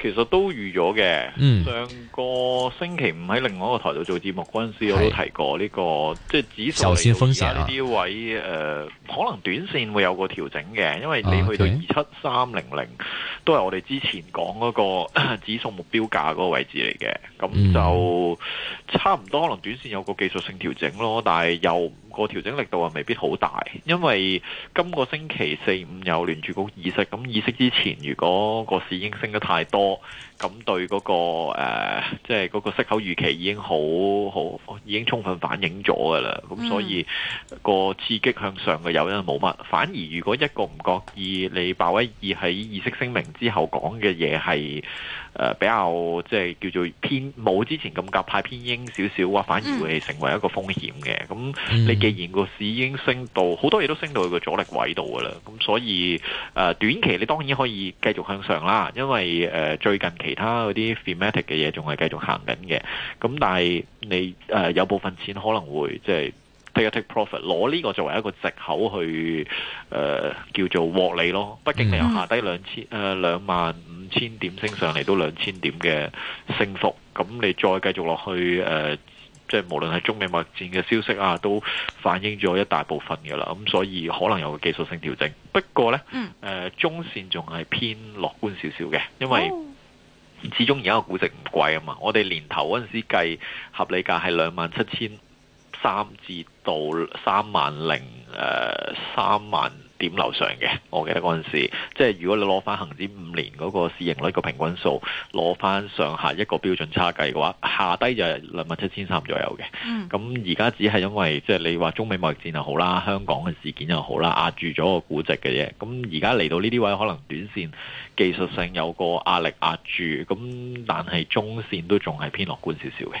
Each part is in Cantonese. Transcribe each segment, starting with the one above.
其實都預咗嘅。嗯，上個星期五喺另外一個台度做節目嗰陣時，我都提過呢、呢個即係指數而家呢啲位誒、啊呃，可能短線會有個調整嘅，因為你去到二七三零零都係我哋之前講嗰、嗰個指數目標價嗰個位置嚟嘅，咁就差唔多可能短線有個技術性調整咯，但係又。個調整力度啊，未必好大，因為今個星期四五有聯儲局議息，咁議息之前，如果個市已經升得太多，咁對嗰個誒，即係嗰個息口預期已經好好，已經充分反映咗噶啦。咁所以個刺激向上嘅誘因冇乜，反而如果一個唔覺意，你鮑威爾喺議息聲明之後講嘅嘢係誒比較即係叫做偏冇之前咁鴿派偏鷹少少啊，反而會成為一個風險嘅。咁你？既然個市已經升到好多嘢都升到佢個阻力位度噶啦，咁所以誒短期你當然可以繼續向上啦，因為誒最近其他嗰啲 thematic 嘅嘢仲係繼續行緊嘅，咁但係你誒有部分錢可能會即係 take a take profit 攞呢個作為一個借口去誒叫做獲利咯，畢竟你由下低兩千誒兩萬五千點升上嚟都兩千點嘅升幅，咁你再繼續落去誒。即係無論係中美貿易戰嘅消息啊，都反映咗一大部分嘅啦。咁所以可能有個技術性調整。不過呢，嗯，呃，中線仲係偏樂觀少少嘅，因為始終而家個估值唔貴啊嘛。我哋年頭嗰陣時計合理價係兩萬七千三至到三萬零誒三萬。點樓上嘅，我記得嗰陣時，即係如果你攞翻恒指五年嗰個市盈率個平均數，攞翻上下一個標準差計嘅話，下低就係兩萬七千三左右嘅。咁而家只係因為即係你話中美貿易戰又好啦，香港嘅事件又好啦，壓住咗個估值嘅啫。咁而家嚟到呢啲位，可能短線技術上有個壓力壓住，咁但係中線都仲係偏樂觀少少嘅。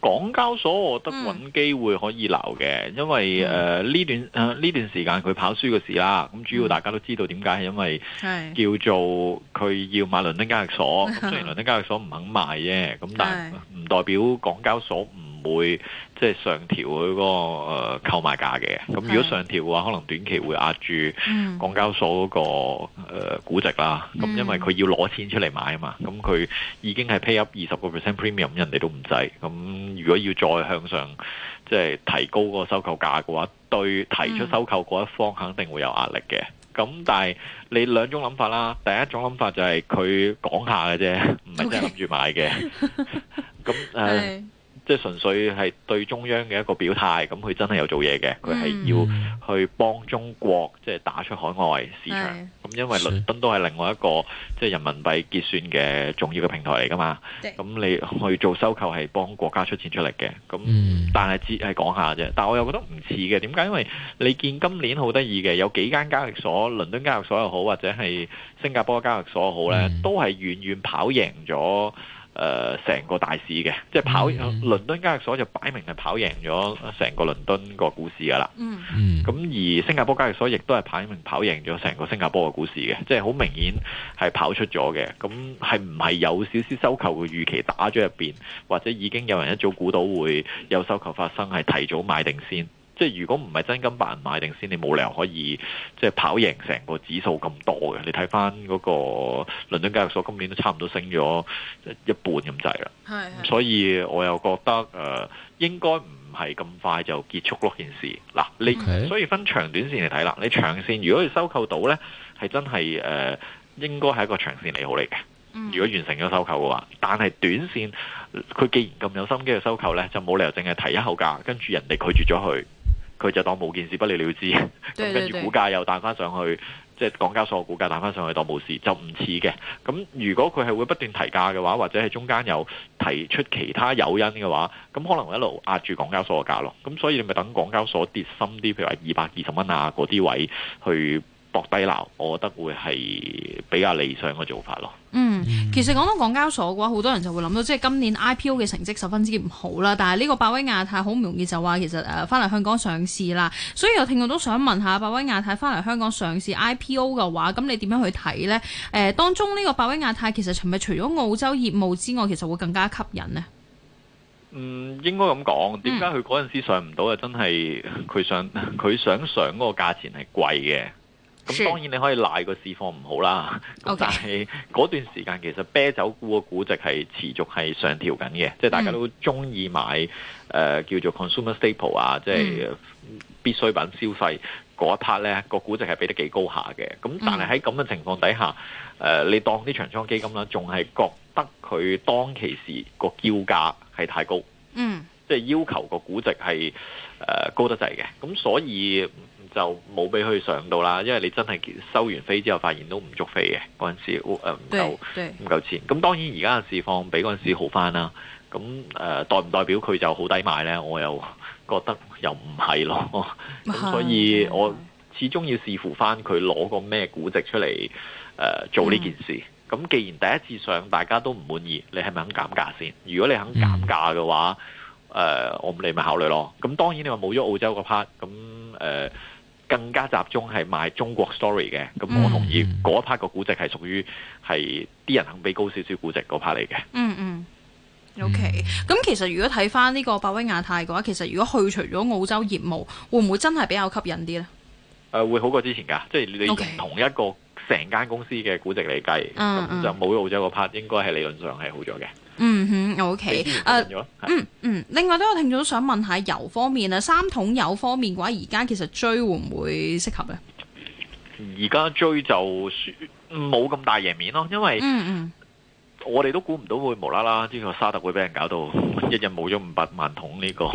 港交所我覺得揾機會可以留嘅、嗯，因為誒呢、呃、段呢、呃、段時間佢跑輸嘅事啦，咁主要大家都知道點解，係因為叫做佢要買倫敦交易所，雖然倫敦交易所唔肯賣啫，咁但係唔代表港交所唔會。即係上調嗰、那個誒、呃、購買價嘅，咁如果上調嘅話，可能短期會壓住港交所嗰、那個、嗯呃、估值啦。咁因為佢要攞錢出嚟買啊嘛，咁佢已經係 pay up 二十個 percent premium，人哋都唔制。咁如果要再向上即係提高個收購價嘅話，對提出收購嗰一方肯定會有壓力嘅。咁但係你兩種諗法啦，第一種諗法就係佢講下嘅啫，唔係真係諗住買嘅。咁、okay. 嗯 嗯即係純粹係對中央嘅一個表態，咁佢真係有做嘢嘅，佢係要去幫中國即係打出海外市場。咁因為倫敦都係另外一個即係人民幣結算嘅重要嘅平台嚟㗎嘛。咁你去做收購係幫國家出錢出嚟嘅。咁但係只係講下啫。但係我又覺得唔似嘅，點解？因為你見今年好得意嘅，有幾間交易所，倫敦交易所又好，或者係新加坡交易所又好呢，都係遠遠跑贏咗。誒、呃、成個大市嘅，即係跑，mm-hmm. 倫敦交易所就擺明係跑贏咗成個倫敦個股市㗎喇。嗯嗯，咁而新加坡交易所亦都係擺明跑贏咗成個新加坡嘅股市嘅，即係好明顯係跑出咗嘅。咁係唔係有少少收購嘅預期打咗入邊，或者已經有人一早估到會有收購發生，係提早買定先？即係如果唔係真金白銀買定先，你冇理由可以即係跑贏成個指數咁多嘅。你睇翻嗰個倫敦交易所今年都差唔多升咗一半咁滯啦。係，係，係所以我又覺得誒、呃、應該唔係咁快就結束嗰件事。嗱，你所以分長短線嚟睇啦。你長線如果要收購到呢，係真係誒、呃、應該係一個長線利好嚟嘅。嗯、如果完成咗收購嘅話，但係短線佢既然咁有心機去收購呢，就冇理由淨係提一口價，跟住人哋拒絕咗佢。佢就當冇件事，不了了之，咁跟住股價又彈翻上去，即係港交所股價彈翻上去當冇事，就唔似嘅。咁如果佢係會不斷提價嘅話，或者係中間有提出其他誘因嘅話，咁可能會一路壓住港交所嘅價咯。咁所以你咪等港交所跌深啲，譬如話二百二十蚊啊嗰啲位去。博低流，我覺得會係比較理想嘅做法咯。嗯，其實講到港交所嘅話，好多人就會諗到，即係今年 IPO 嘅成績十分之唔好啦。但係呢個百威亞太好唔容易就話其實誒翻嚟香港上市啦。所以我聽我都想問一下百威亞太翻嚟香港上市 IPO 嘅話，咁你點樣去睇呢？誒、呃，當中呢個百威亞太其實係咪除咗澳洲業務之外，其實會更加吸引呢？嗯，應該咁講。點解佢嗰陣時上唔到啊？真係佢想佢想上嗰個價錢係貴嘅。咁當然你可以賴個市況唔好啦。但係嗰段時間其實啤酒股嘅估值係持續係上調緊嘅，即、嗯、係、就是、大家都中意買誒、呃、叫做 consumer staple 啊，即、就、係、是、必需品消費嗰、嗯、一 part 呢個估值係俾得幾高下嘅。咁但係喺咁嘅情況底下，誒、嗯呃、你當啲長倉基金啦，仲係覺得佢當其時個叫價係太高，嗯，即、就、係、是、要求個估值係誒、呃、高得滯嘅。咁所以就冇俾佢上到啦，因為你真係收完飛之後，發現都唔足飛嘅嗰陣時，唔夠唔夠錢。咁當然而家嘅市況比嗰陣時好翻啦。咁、呃、代唔代表佢就好抵買呢？我又覺得又唔係咯。咁所以我始終要視乎翻佢攞個咩估值出嚟、呃、做呢件事。咁、嗯、既然第一次上大家都唔滿意，你係咪肯減價先？如果你肯減價嘅話，誒、嗯呃、我你咪考慮咯。咁當然你話冇咗澳洲個 part，咁誒。更加集中係賣中國 story 嘅，咁我同意嗰一 part 個估值係屬於係啲人肯俾高少少估值嗰 part 嚟嘅。嗯嗯，OK 嗯。咁其實如果睇翻呢個百威亞太嘅話，其實如果去除咗澳洲業務，會唔會真係比較吸引啲呢？誒、呃，會好過之前噶，即係你用同一個成間公司嘅估值嚟計，咁就冇澳洲個 part，應該係理論上係好咗嘅。嗯哼，OK，誒、uh,，嗯,嗯另外都有聽眾想問下油方面啊，三桶油方面嘅話，而家其實追會唔會適合呢？而家追就冇咁大贏面咯，因為我哋都估唔到會無啦啦，呢個沙特會俾人搞到一日冇咗五百萬桶呢個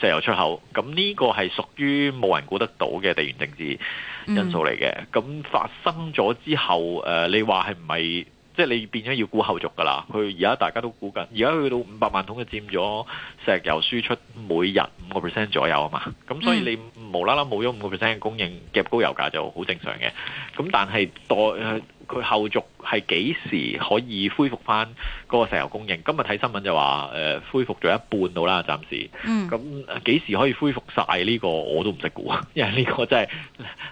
石油出口，咁呢個係屬於冇人估得到嘅地緣政治因素嚟嘅。咁、嗯、發生咗之後，誒、呃，你話係唔係？即係你變咗要估後續㗎啦，佢而家大家都估緊，而家去到五百萬桶就佔咗石油輸出每日五個 percent 左右啊嘛，咁所以你無啦啦冇咗五個 percent 嘅供應夾高油價就好正常嘅，咁但係代。佢後續係幾時可以恢復翻嗰個石油供應？今日睇新聞就話誒、呃、恢復咗一半到啦，暫時。咁、嗯、幾時可以恢復晒呢、呢個我都唔識估，因為呢個真係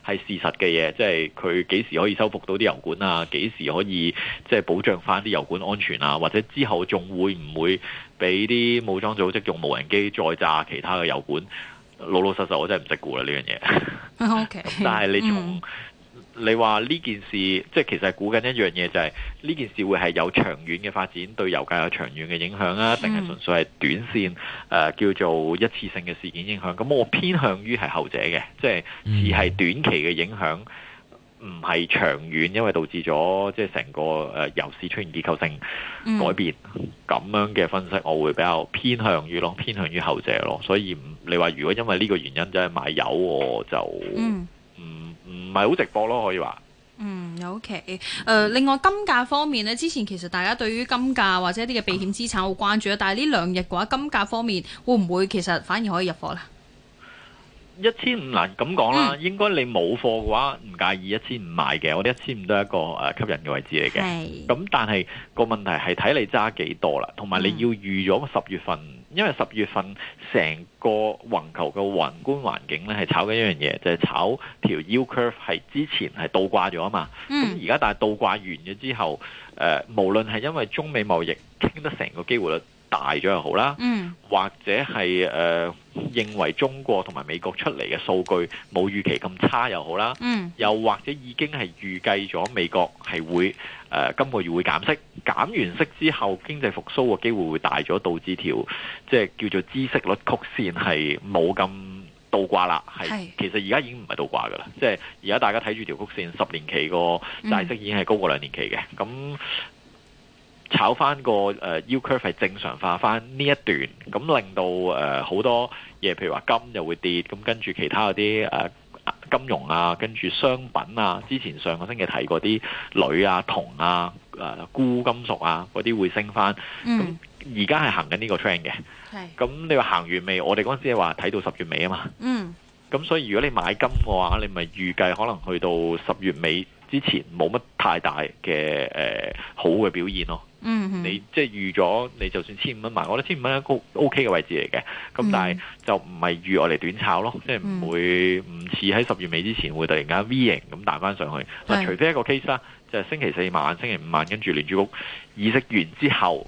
係事實嘅嘢，即係佢幾時可以修復到啲油管啊？幾時可以即係保障翻啲油管安全啊？或者之後仲會唔會俾啲武裝組織用無人機再炸其他嘅油管？老老實實，我真係唔識估啦呢樣嘢。這個、Okay，但係你從、嗯你話呢件事，即係其實係估緊一樣嘢，就係、是、呢件事會係有長遠嘅發展，對油價有長遠嘅影響啊，定係純粹係短線誒、呃、叫做一次性嘅事件影響？咁我偏向於係後者嘅，即係只係短期嘅影響，唔係長遠，因為導致咗即係成個誒油市出現結構性改變咁、嗯、樣嘅分析，我會比較偏向於咯，偏向於後者咯。所以唔，你話如果因為呢個原因就係、是、買油，我就、嗯唔唔係好直播咯，可以話。嗯，OK。誒、呃，另外金價方面呢，之前其實大家對於金價或者一啲嘅避險資產好關注啊、嗯。但係呢兩日嘅話，金價方面會唔會其實反而可以入貨咧？一千五，嗱咁講啦，應該你冇貨嘅話唔介意一千五買嘅，我哋一千五都係一個誒、啊、吸引嘅位置嚟嘅。咁、嗯、但係個問題係睇你揸幾多啦，同埋你要預咗十月份。嗯因為十月份成個宏球嘅宏觀環境咧，係炒緊一樣嘢，就係、是、炒條 U curve 係之前係倒掛咗啊嘛。咁而家但係倒掛完咗之後，誒、呃、無論係因為中美貿易傾得成個機會率。大咗又好啦、嗯，或者係誒、呃、認為中國同埋美國出嚟嘅數據冇預期咁差又好啦、嗯，又或者已經係預計咗美國係會誒、呃、今個月會減息，減完息之後經濟復蘇嘅機會會大咗，導致條即係叫做孳息率曲線係冇咁倒掛啦。係其實而家已經唔係倒掛噶啦，即係而家大家睇住條曲線，十年期個債息已經係高過兩年期嘅咁。嗯嗯炒翻個誒 U curve 係正常化翻呢一段，咁令到誒好多嘢，譬如話金就會跌，咁跟住其他嗰啲誒金融啊，跟住商品啊，之前上個星期提過啲鋁啊、銅啊、誒鈷金屬啊嗰啲會升翻。嗯。而家係行緊呢個 trend 嘅。係。咁你話行完未？我哋嗰陣時係話睇到十月尾啊嘛。嗯。咁所以如果你買金嘅話，你咪預計可能去到十月尾之前冇乜太大嘅誒、呃、好嘅表現咯。嗯、mm-hmm.，你即係預咗，你就算千五蚊買我覺得千五蚊一個 O K 嘅位置嚟嘅，咁但係就唔係預我哋短炒咯，即係唔會唔似喺十月尾之前會突然間 V 型咁彈翻上去。嗱、mm-hmm. 啊，除非一個 case 啦，就係星期四晚、星期五晚跟住聯儲局議息完之後，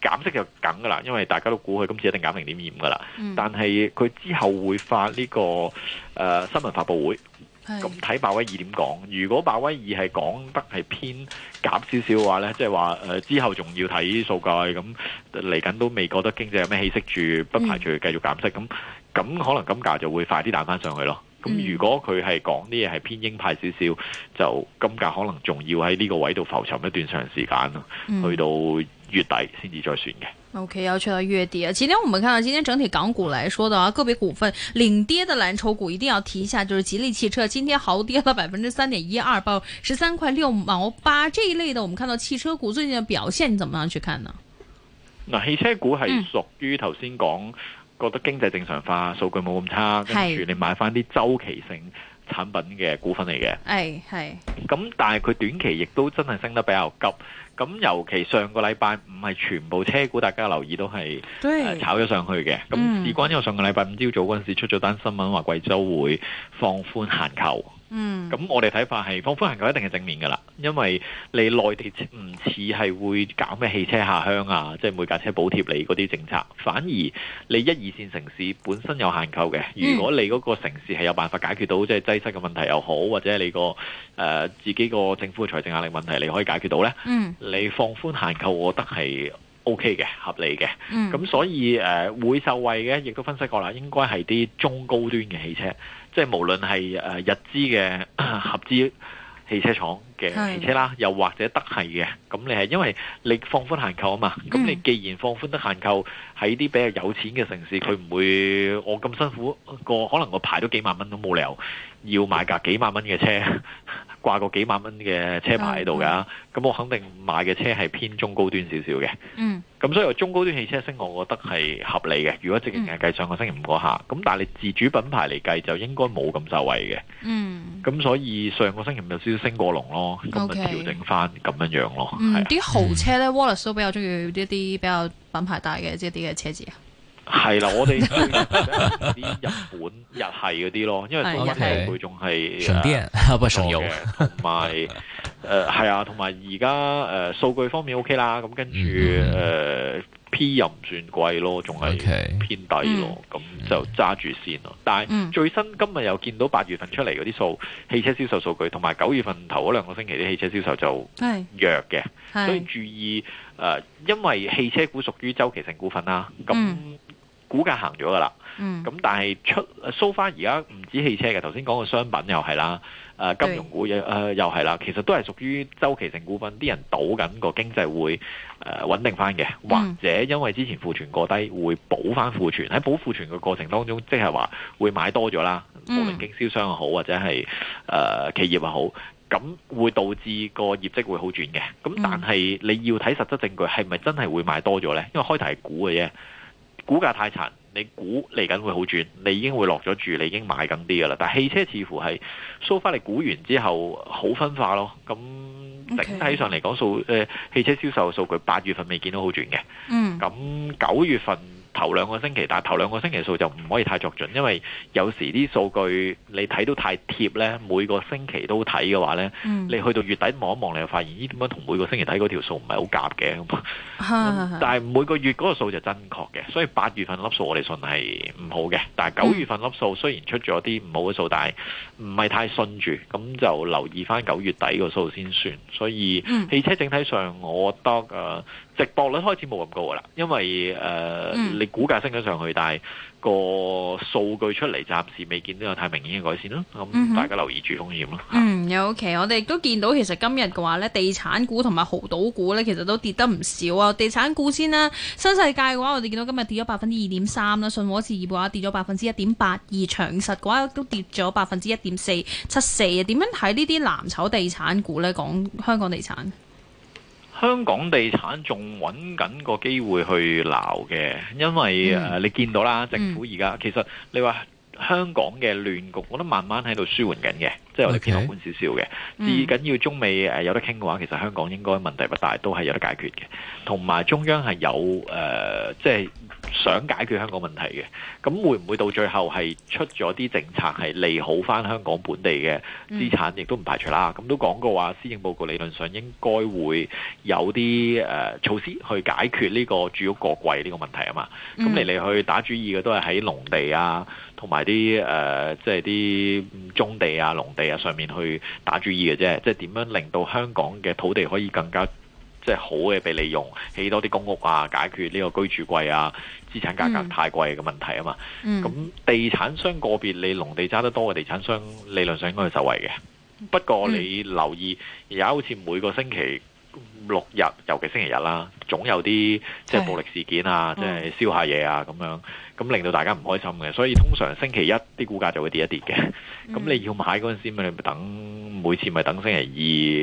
減息就梗噶啦，mm-hmm. 因為大家都估佢今次一定減零點二五噶啦。Mm-hmm. 但係佢之後會發呢、這個誒、呃、新聞發佈會。咁睇鮑威爾點講，如果鮑威爾係講得係偏減少少嘅話呢，即係話誒之後仲要睇數據，咁嚟緊都未覺得經濟有咩氣息住，不排除繼續減息，咁、嗯、咁可能金價就會快啲彈翻上去咯。咁如果佢係講啲嘢係偏鷹派少少，就金價可能仲要喺呢個位度浮沉一段長時間咯、嗯，去到。月底先至再算嘅。O、okay, K，要去到月底。今天我們看到今天整體港股來說的話，個別股份領跌的藍籌股一定要提一下，就是吉利汽車，今天豪跌了百分之三點一二，報十三塊六毛八。這一類的，我們看到汽車股最近的表現，你怎麼樣去看呢？嗱，汽車股係屬於頭先講，覺得經濟正常化，數據冇咁差，跟住你買翻啲週期性產品嘅股份嚟嘅。係、哎、係。咁但係佢短期亦都真係升得比較急。咁尤其上個禮拜五係全部車股，大家留意都係、啊、炒咗上去嘅。咁事關因為我上個禮拜五朝早嗰陣時出咗單新聞，話貴州會放寬限購。嗯，咁我哋睇法係放寬限購一定係正面噶啦，因為你內地唔似係會搞咩汽車下鄉啊，即係每架車補貼你嗰啲政策，反而你一二線城市本身有限購嘅，如果你嗰個城市係有辦法解決到即係擠塞嘅問題又好，或者你個誒自己個政府嘅財政壓力問題你可以解決到呢，嗯，你放寬限購，我覺得係 OK 嘅，合理嘅，咁，嗯，所以誒會受惠嘅，亦都分析過啦，應該係啲中高端嘅汽車。即係無論係誒日資嘅合資汽車廠嘅汽車啦，又或者德系嘅，咁你係因為你放寬限購啊嘛，咁、嗯、你既然放寬得限購，喺啲比較有錢嘅城市，佢唔會我咁辛苦過，可能我排到幾萬蚊都冇理由要買架幾萬蚊嘅車。掛個幾萬蚊嘅車牌喺度噶，咁、嗯、我肯定買嘅車係偏中高端少少嘅。嗯，咁所以中高端汽車升，我覺得係合理嘅。如果即係計上個星期五個下，咁但係你自主品牌嚟計就應該冇咁受惠嘅。嗯，咁所以上個星期五有少少升過龍咯，咁、嗯、咪調整翻咁樣樣咯。啲、嗯嗯、豪車呢 Wallace 都比較中意呢啲比較品牌大嘅一啲嘅車子啊。係 啦，我哋啲日本日系嗰啲咯，因為數據佢仲係，啊不係純嘅？同埋誒係啊，同埋而家誒數據方面 OK 啦，咁跟住誒。 呃啲又唔算貴咯，仲係偏低咯，咁、okay。嗯、就揸住先咯。但係最新今日又見到八月份出嚟嗰啲數、嗯，汽車銷售數據同埋九月份頭嗰兩個星期啲汽車銷售就弱嘅，所以注意、呃、因為汽車股屬於周期性股份啦，咁股價行咗噶啦，咁、嗯、但係出所以而家唔止汽車嘅，頭先講嘅商品又係啦。誒金融股、呃、又又係啦，其實都係屬於周期性股份，啲人賭緊個經濟會誒穩、呃、定翻嘅，或者因為之前庫存過低會補翻庫存，喺補庫存嘅過程當中，即係話會買多咗啦，無論經銷商又好或者係誒、呃、企業又好，咁會導致個業績會好轉嘅。咁但係你要睇實質證據係咪真係會買多咗呢？因為開頭係估嘅啫，股價太殘。你估嚟緊會好轉，你已經會落咗住，你已經買緊啲噶啦。但係汽車似乎係，蘇返嚟估完之後好分化咯。咁整體上嚟講，數、okay. 誒汽車銷售數據八月份未見到好轉嘅。嗯，咁九月份。頭兩個星期，但係頭兩個星期數就唔可以太作準，因為有時啲數據你睇到太貼呢，每個星期都睇嘅話呢、嗯，你去到月底望一望，你就發現咦，點解同每個星期睇嗰條數唔係好夾嘅。但係每個月嗰個數就真確嘅，所以八月份粒數我哋信係唔好嘅，但係九月份粒數雖然出咗啲唔好嘅數、嗯，但係唔係太順住，咁就留意翻九月底個數先算。所以汽車整體上，我覺得誒。嗯啊直播率開始冇咁高啦，因為誒、呃嗯、你股價升咗上去，但係個數據出嚟暫時未見到有太明顯嘅改善咯。咁大家留意住風險咯、嗯。嗯，有、OK、k 我哋都見到其實今日嘅話咧，地產股同埋豪賭股咧，其實都跌得唔少啊。地產股先啦、啊，新世界嘅話，我哋見到今日跌咗百分之二點三啦。信和置業嘅話，跌咗百分之一點八二，而長實嘅話都跌咗百分之一點四七四啊。點樣睇呢啲藍籌地產股咧？講香港地產？香港地產仲揾緊個機會去鬧嘅，因為、嗯呃、你見到啦，政府而家、嗯、其實你話香港嘅亂局，我都慢慢喺度舒緩緊嘅。即係我哋偏樂觀少少嘅，至緊要中美誒有得傾嘅話，其實香港應該問題不大，都係有得解決嘅。同埋中央係有誒、呃，即係想解決香港問題嘅。咁會唔會到最後係出咗啲政策係利好翻香港本地嘅資產，mm-hmm. 亦都唔排除啦。咁都講過話，施政報告理論上應該會有啲誒、呃、措施去解決呢個住屋過貴呢個問題啊嘛。咁嚟嚟去打主意嘅都係喺農地啊，同埋啲誒即係啲棕地啊、農地、啊。上面去打主意嘅啫，即係點樣令到香港嘅土地可以更加即係好嘅被利用，起多啲公屋啊，解決呢個居住貴啊、資產價格太貴嘅問題啊嘛。咁、嗯嗯、地產商個別你農地揸得多嘅地產商，理論上應該係受惠嘅。不過你留意而家、嗯、好似每個星期。六日，尤其星期日啦，總有啲即係暴力事件啊，即係燒下嘢啊，咁、嗯、樣咁令到大家唔開心嘅。所以通常星期一啲股價就會跌一跌嘅。咁、嗯、你要買嗰陣時咪等，每次咪等星期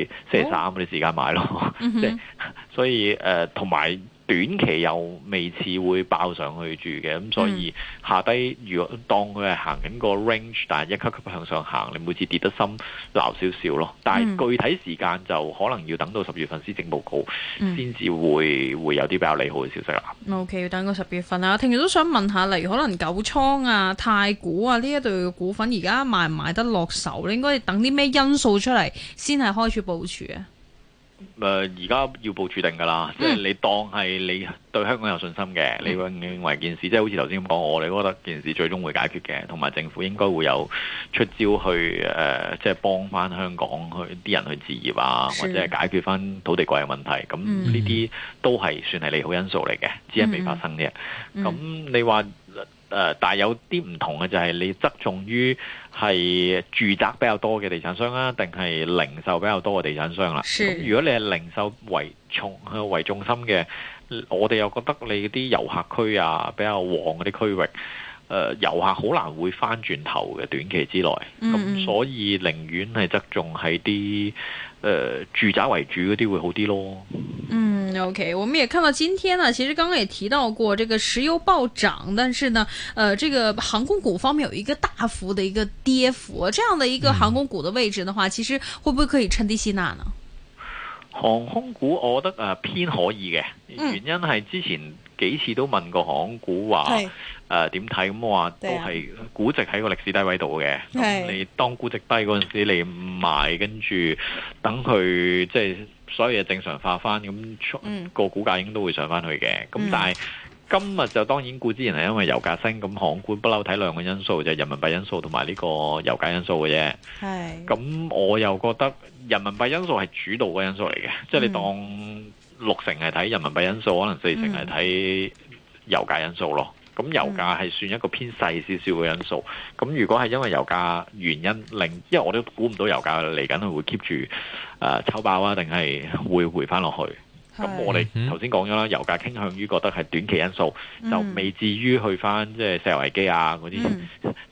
二、星期三嗰啲時間買咯。即、嗯、係 所以誒，同、呃、埋。短期又未似會爆上去住嘅，咁所以下低、嗯、如果當佢係行緊個 range，但係一級級向上行，你每次跌得深鬧少少咯。但係具體時間就可能要等到十月份施政報告先至、嗯、會會有啲比較利好嘅消息啦。OK，要等個十月份啦。聽日都想問一下，例如可能九倉啊、太古啊呢一類嘅股份，而家賣唔賣得落手？你應該等啲咩因素出嚟先係開始部署啊？誒而家要部署定㗎啦、嗯，即係你當係你對香港有信心嘅、嗯，你認為件事即係好似頭先咁講，我哋覺得件事最終會解決嘅，同埋政府應該會有出招去誒、呃，即係幫翻香港去啲人去置業啊，或者係解決翻土地貴嘅問題，咁呢啲都係算係利好因素嚟嘅，只係未發生啫。咁、嗯、你話？誒、呃，但有啲唔同嘅就係你側重於係住宅比較多嘅地產商啊，定係零售比較多嘅地產商啦、啊。是。如果你係零售為重為重心嘅，我哋又覺得你啲遊客區啊比較旺嗰啲區域，誒、呃、遊客好難會翻轉頭嘅短期之內。咁、嗯嗯、所以寧願係側重喺啲，呃、住宅為主嗰啲會好啲咯。嗯，OK，我們也看到今天呢、啊，其實剛剛也提到過，這個石油暴漲，但是呢，誒、呃，這個航空股方面有一個大幅的一個跌幅、啊，這樣的一個航空股的位置的話，嗯、其實會不會可以趁低吸納呢？航空股我覺得、呃、偏可以嘅，原因係之前。嗯幾次都問過港股話，誒，點睇，咁我話都係估值喺個歷史低位度嘅。你當估值低嗰陣時，你唔買，跟住等佢即係所有嘢正常化翻，咁、嗯、個股價已經都會上翻去嘅。咁但係、嗯、今日就當然股之然係因為油價升，咁港股不嬲睇兩個因素，就係人民幣因素同埋呢個油價因素嘅啫。咁我又覺得人民幣因素係主導嘅因素嚟嘅，即、嗯、係、就是、你當。六成係睇人民幣因素，可能四成係睇油價因素咯。咁、mm. 油價係算一個偏細少少嘅因素。咁如果係因為油價原因令，因為我都估唔到油價嚟緊會 keep 住誒抽爆啊，定係會回返落去？咁我哋頭先講咗啦，油價傾向於覺得係短期因素，嗯、就未至於去翻即係石油危機啊嗰啲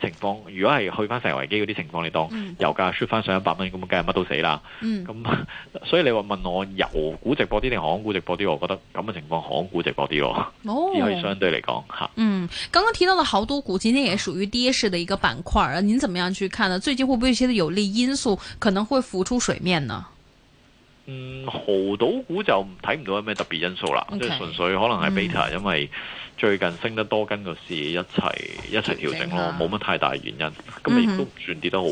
情況。嗯、如果係去翻石油危機嗰啲情況，嗯，你當油價 shoot 翻上一百蚊，咁梗係乜都死啦。咁、嗯嗯、所以你話問我油股直播啲值博啲定航空股值博啲，我覺得咁嘅情況航空股值博啲咯。哦，只可以相對嚟講，嗯，剛剛提到的好多股，今天也屬於跌市的一個板塊，您怎麼樣去看呢？最近會唔會有一些有利因素可能會浮出水面呢？嗯，濠賭股就睇唔到有咩特別因素啦，即係純粹可能係 beta，嗯，因為最近升得多，跟個市一齊一齊調整咯，冇乜太大原因，咁亦都唔算跌得好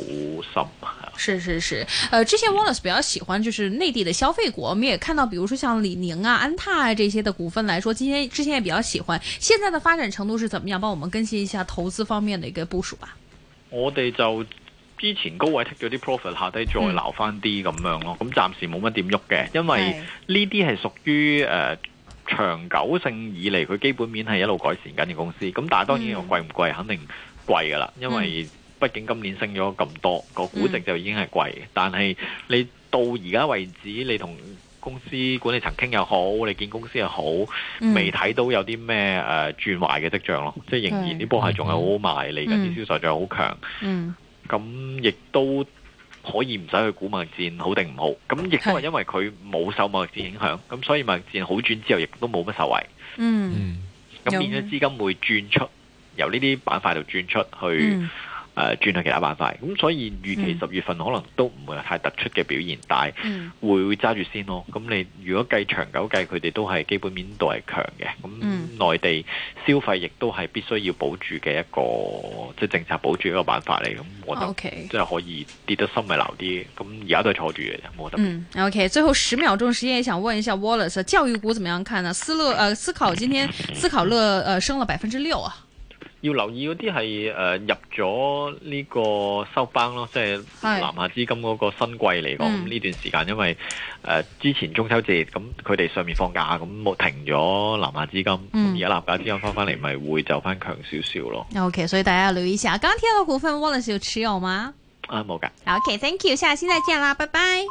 深。啊，是是是，誒、呃，之前 Wallace 比較喜歡就是內地嘅消費股，我們也看到，比如說像李寧啊、安踏這些的股份來說，今天之前也比較喜歡，現在的發展程度是怎麼樣？幫我們更新一下投資方面的一個部署吧。我哋就。之前高位 take 咗啲 profit，下低再留翻啲咁樣咯。咁暫時冇乜點喐嘅，因為呢啲係屬於誒、呃、長久性以嚟，佢基本面係一路改善緊嘅公司。咁但係當然話貴唔貴，嗯，肯定貴噶啦。因為畢竟今年升咗咁多個估值就已經係貴。嗯、但係你到而家為止，你同公司管理層傾又好，你見公司又好，未睇到有啲咩誒轉壞嘅跡象咯。即係仍然啲波鞋仲係好賣嚟，緊、嗯、啲、嗯、銷售仲係好強。嗯咁亦都可以唔使去估貿易戰好定唔好，咁亦都係因為佢冇受貿易戰影響，咁所以貿易戰好轉之後，亦都冇乜受惠。嗯，咁變咗資金會轉出，嗯、由呢啲板塊度轉出去。嗯誒、呃，轉去其他辦法，咁、嗯嗯、所以預期十月份可能都唔會太突出嘅表現，嗯、但係會揸住先咯。咁、嗯、你如果計長久計，佢哋都係基本面度係強嘅。咁、嗯嗯、內地消費亦都係必須要保住嘅一個即係、就是、政策保住一個辦法嚟。咁、嗯嗯、我覺得即係可以跌得深咪留啲。咁而家都係坐住嘅啫，我覺得嗯。嗯，OK，最後十秒鐘時間，想問一下 Wallace 教育股怎麼樣看呢？思樂，誒、呃，思考，今天思考樂，誒、呃，升了百分之六啊。要留意嗰啲係誒入咗呢個收班咯，即係南下資金嗰個新季嚟講，呢、嗯、段時間因為誒、呃、之前中秋節咁佢哋上面放假咁冇、嗯、停咗南下資金，而、嗯、家南下資金翻翻嚟咪會走翻強少少咯。OK，所以大家留意一下。剛天和股份 Wallace 有持有嗎？啊，冇㗎。OK，Thank、okay, you，下期再見啦，拜拜。